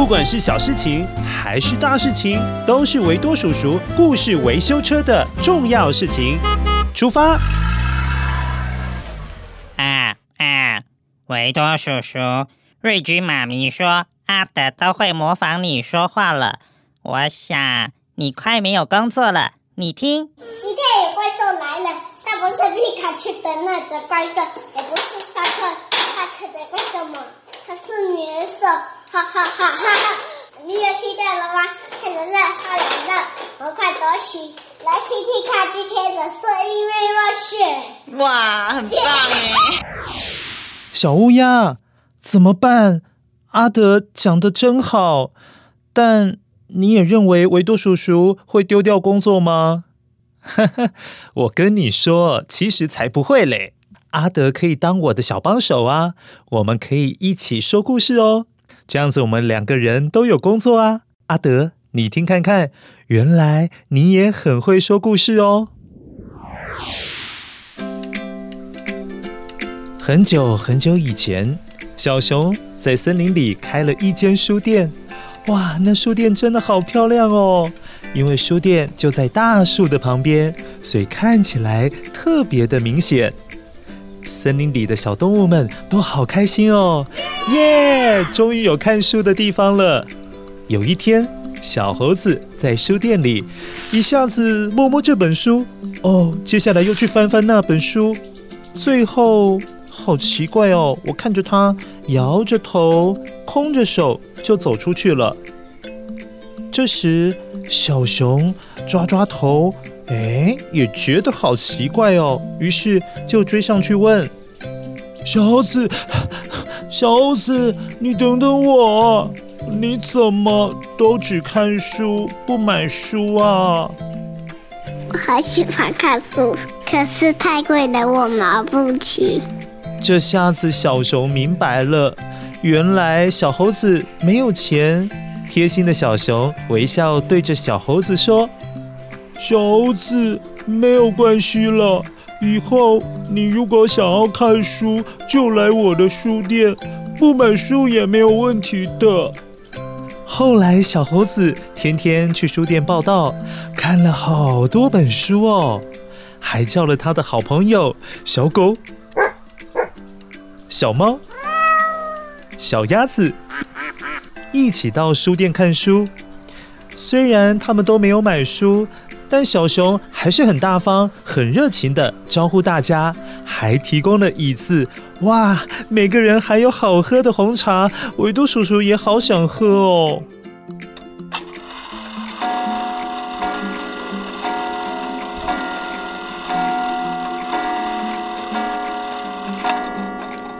不管是小事情還是大事情，都是維多叔叔故事維修車的重要事情。出發！啊啊！維多叔叔，瑞君媽咪說阿德都會模仿你說話了。我想你快沒有工作了。你聽，今天有怪獸來了，但不是皮卡丘的那隻怪獸，也不是薩克薩克的怪獸嘛，它是綠色。哈哈哈！哈哈 你也聽見了嗎？太冷了，太冷了！我們快躲起來聽聽看今天的森林冒險。哇，很棒哎！小烏鴉怎麼辦？阿德講得真好，但你也認為維多叔叔會丟掉工作嗎？哈哈，我跟你說，其實才不會嘞！阿德可以當我的小幫手啊，我們可以一起說故事哦。這樣子，我們兩個人都有工作啊！阿德，你聽看看，原來你也很會說故事哦。很久很久以前，小熊在森林裡開了一間書店。哇，那書店真的好漂亮哦！因為書店就在大樹的旁邊，所以看起來特別的明顯。森林裡的小動物們都好開心哦，耶！終於有看書的地方了。有一天，小猴子在書店裡，一下子摸摸這本書，哦，接下來又去翻翻那本書，最後，好奇怪哦！我看着他搖着頭，空着手就走出去了。這時，小熊抓抓頭。哎、欸，也覺得好奇怪哦，於是就追上去問小猴子：“小猴子，你等等我，你怎麼都只看書不買書啊？”我好喜歡看書，可是太貴了，我買不起。這下子小熊明白了，原來小猴子沒有錢。貼心的小熊微笑對着小猴子說。小猴子，沒有關係了。以後你如果想要看書，就來我的書店，不買書也沒有問題的。後來，小猴子天天去書店報到，看了好多本書哦，還叫了他的好朋友小狗、小貓、小鴨子一起到書店看書。雖然他們都沒有買書。但小熊還是很大方、很熱情的招呼大家，還提供了椅子。哇，每個人還有好喝的紅茶，維多叔叔也好想喝哦。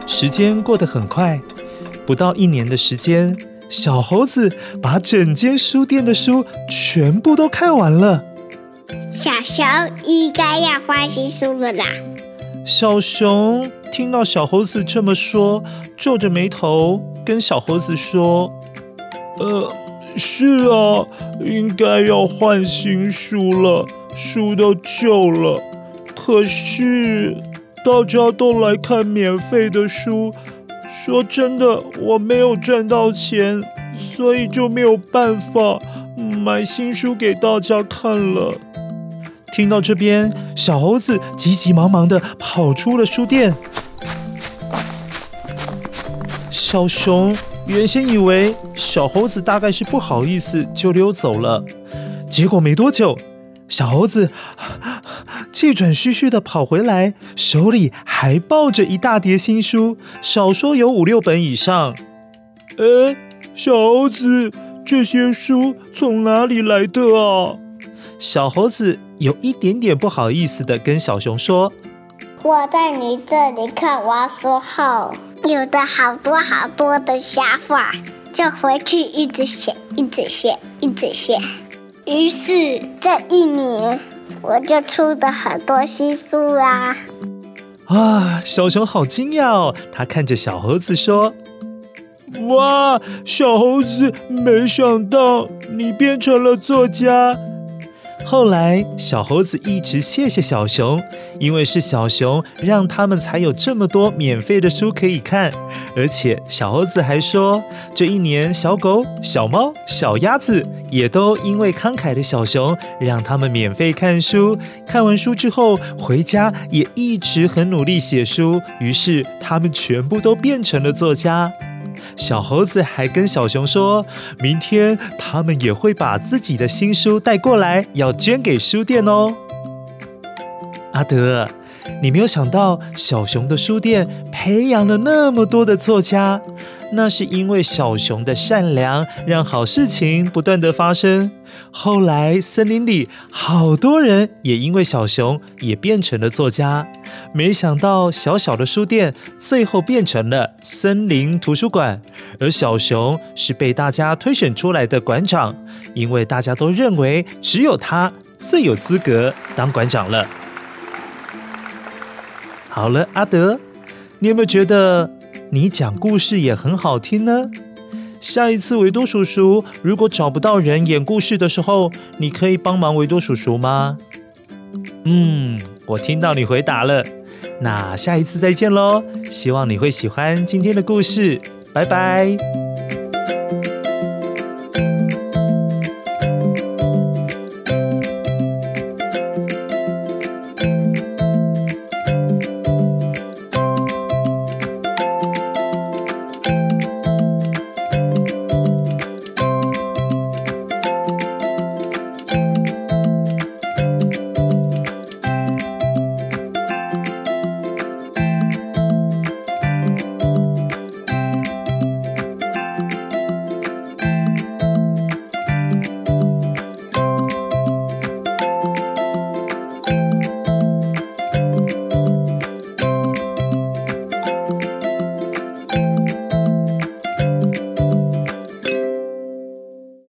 時間過得很快，不到一年的時間，小猴子把整間書店的書全部都看完了。小熊應該要換新書了啦。小熊聽到小猴子這麼說，皺着眉頭跟小猴子說：“呃，是啊，應該要換新書了，書都舊了。可是大家都來看免費的書，說真的，我沒有賺到錢，所以就沒有辦法買新書給大家看了。”聽到這邊，小猴子急急忙忙地跑出了書店。小熊原先以為小猴子大概是不好意思，就溜走了。結果沒多久，小猴子氣喘吁吁地跑回來，手裡還抱着一大疊新書，少說有五六本以上。呃，小猴子，這些書從哪裡來的啊？小猴子，有一點點不好意思的，跟小熊說：“我在你這裡看完書後，有的好多好多的想法，就回去一直寫，一直寫，一直寫。於是這一年，我就出了很多新書啊！”啊，小熊好驚訝哦，他看着小猴子說：“哇，小猴子，沒想到你變成了作家。”後來，小猴子一直謝謝小熊，因為是小熊讓他們才有這麼多免費的書可以看。而且，小猴子還說，這一年小狗、小貓、小鴨子也都因為慷慨的小熊，讓他們免費看書。看完書之後，回家也一直很努力寫書。於是，他們全部都變成了作家。小猴子還跟小熊說，明天他們也會把自己的新書帶過來，要捐給書店哦。阿德，你沒有想到，小熊的書店培養了那麼多的作家。那是因為小熊的善良，讓好事情不斷的發生。後來森林裡好多人也因為小熊也變成了作家。沒想到小小的書店最後變成了森林圖書館，而小熊是被大家推選出來的館長，因為大家都認為只有他最有資格當館長了。好了，阿德，你有沒有覺得？你講故事也很好聽呢。下一次維多叔叔如果找不到人演故事的時候，你可以幫忙維多叔叔嗎？嗯，我聽到你回答了。那下一次再見嘍，希望你會喜歡今天的故事，拜拜。